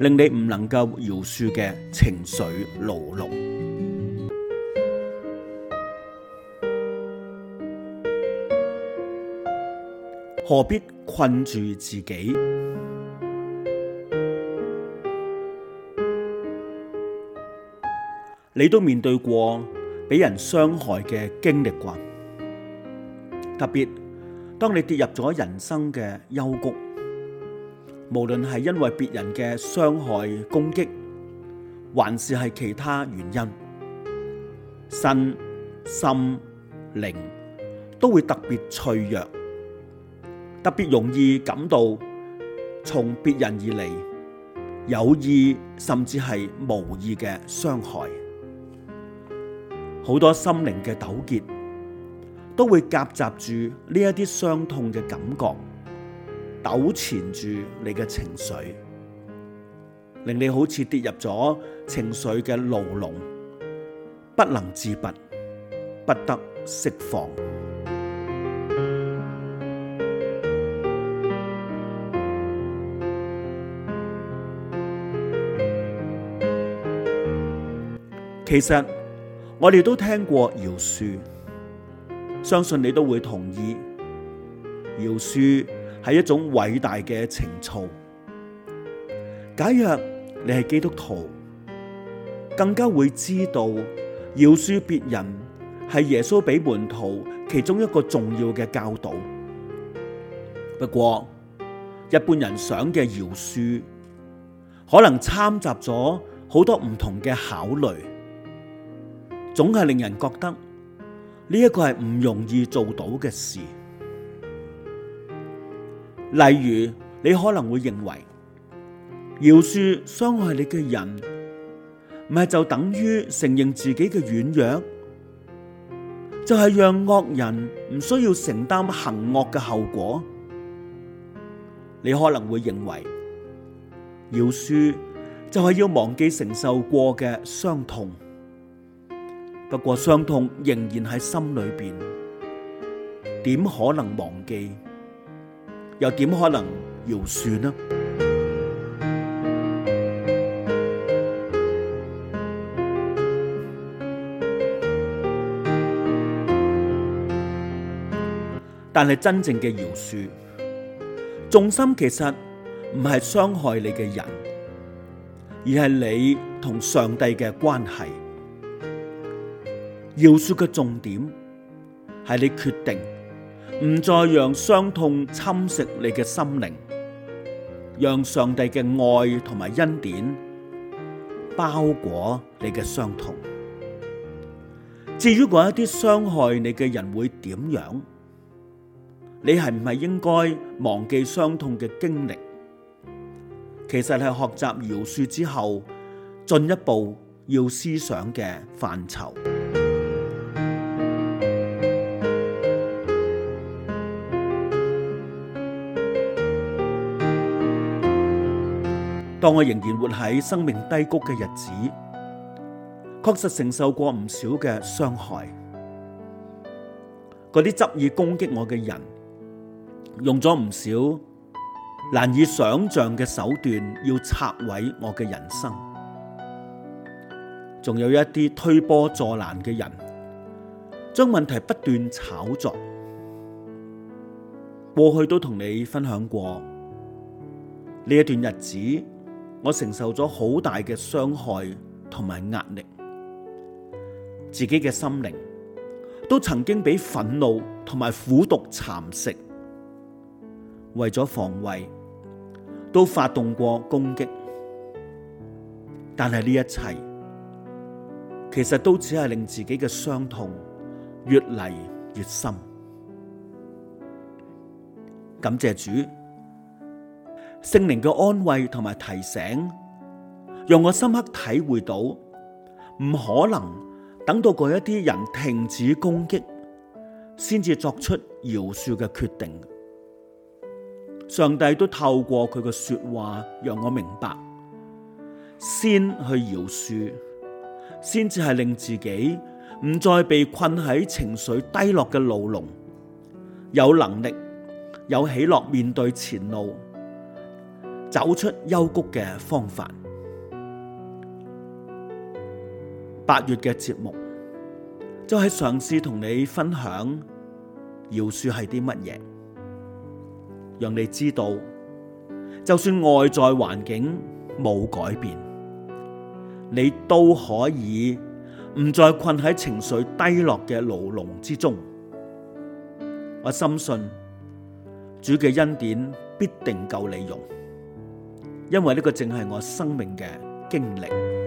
令你唔能夠饒恕嘅情緒牢籠，何必困住自己？你都面對過俾人傷害嘅經歷啩，特別當你跌入咗人生嘅幽谷。無論係因為別人嘅傷害攻擊，還是係其他原因，身、心靈都會特別脆弱，特別容易感到從別人而嚟有意甚至係無意嘅傷害，好多心靈嘅糾結都會夾雜住呢一啲傷痛嘅感覺。糾纏住你嘅情緒，令你好似跌入咗情緒嘅牢籠，不能自拔，不得釋放。其實我哋都聽過饒恕，相信你都會同意饒恕係一種偉大嘅情操。假若你係基督徒，更加會知道饒恕別人係耶穌俾門徒其中一個重要嘅教導。不過一般人想嘅饒恕，可能摻雜咗好多唔同嘅考慮，總係令人覺得呢一個係唔容易做到嘅事。例如，你可能會認為饒恕傷害你嘅人，唔係就等於承認自己嘅軟弱，就係讓惡人唔需要承擔行惡嘅後果。你可能會認為饒恕就係要忘記承受過嘅傷痛，不過傷痛仍然喺心裏邊，點可能忘記？又點可能饒恕呢？但係真正嘅饒恕，重心其實唔係傷害你嘅人，而係你同上帝嘅關係。饒恕嘅重點係你決定。唔再讓傷痛侵蝕你嘅心靈，讓上帝嘅愛同埋恩典包裹你嘅傷痛。至於嗰一啲傷害你嘅人會點樣？你係唔係應該忘記傷痛嘅經歷？其實係學習饒恕之後，進一步要思想嘅範疇。當我仍然活喺生命低谷嘅日子，確實承受過唔少嘅傷害。嗰啲執意攻擊我嘅人，用咗唔少難以想象嘅手段，要拆毀我嘅人生。仲有一啲推波助瀾嘅人，將問題不斷炒作。過去都同你分享過呢一段日子。我承受咗好大嘅傷害同埋壓力，自己嘅心靈都曾經俾憤怒同埋苦毒蠶食，為咗防衛都發動過攻擊，但係呢一切其實都只係令自己嘅傷痛越嚟越深。感謝主。聖靈嘅安慰同埋提醒，讓我深刻體會到，唔可能等到嗰一啲人停止攻擊，先至作出饒恕嘅決定。上帝都透過佢嘅說話，讓我明白，先去饒恕，先至係令自己唔再被困喺情緒低落嘅牢籠，有能力有喜樂面對前路。走出幽谷嘅方法。八月嘅節目就係、是、嘗試同你分享，饒恕係啲乜嘢，讓你知道，就算外在環境冇改變，你都可以唔再困喺情緒低落嘅牢籠之中。我深信主嘅恩典必定夠你用。因為呢個正係我生命嘅經歷。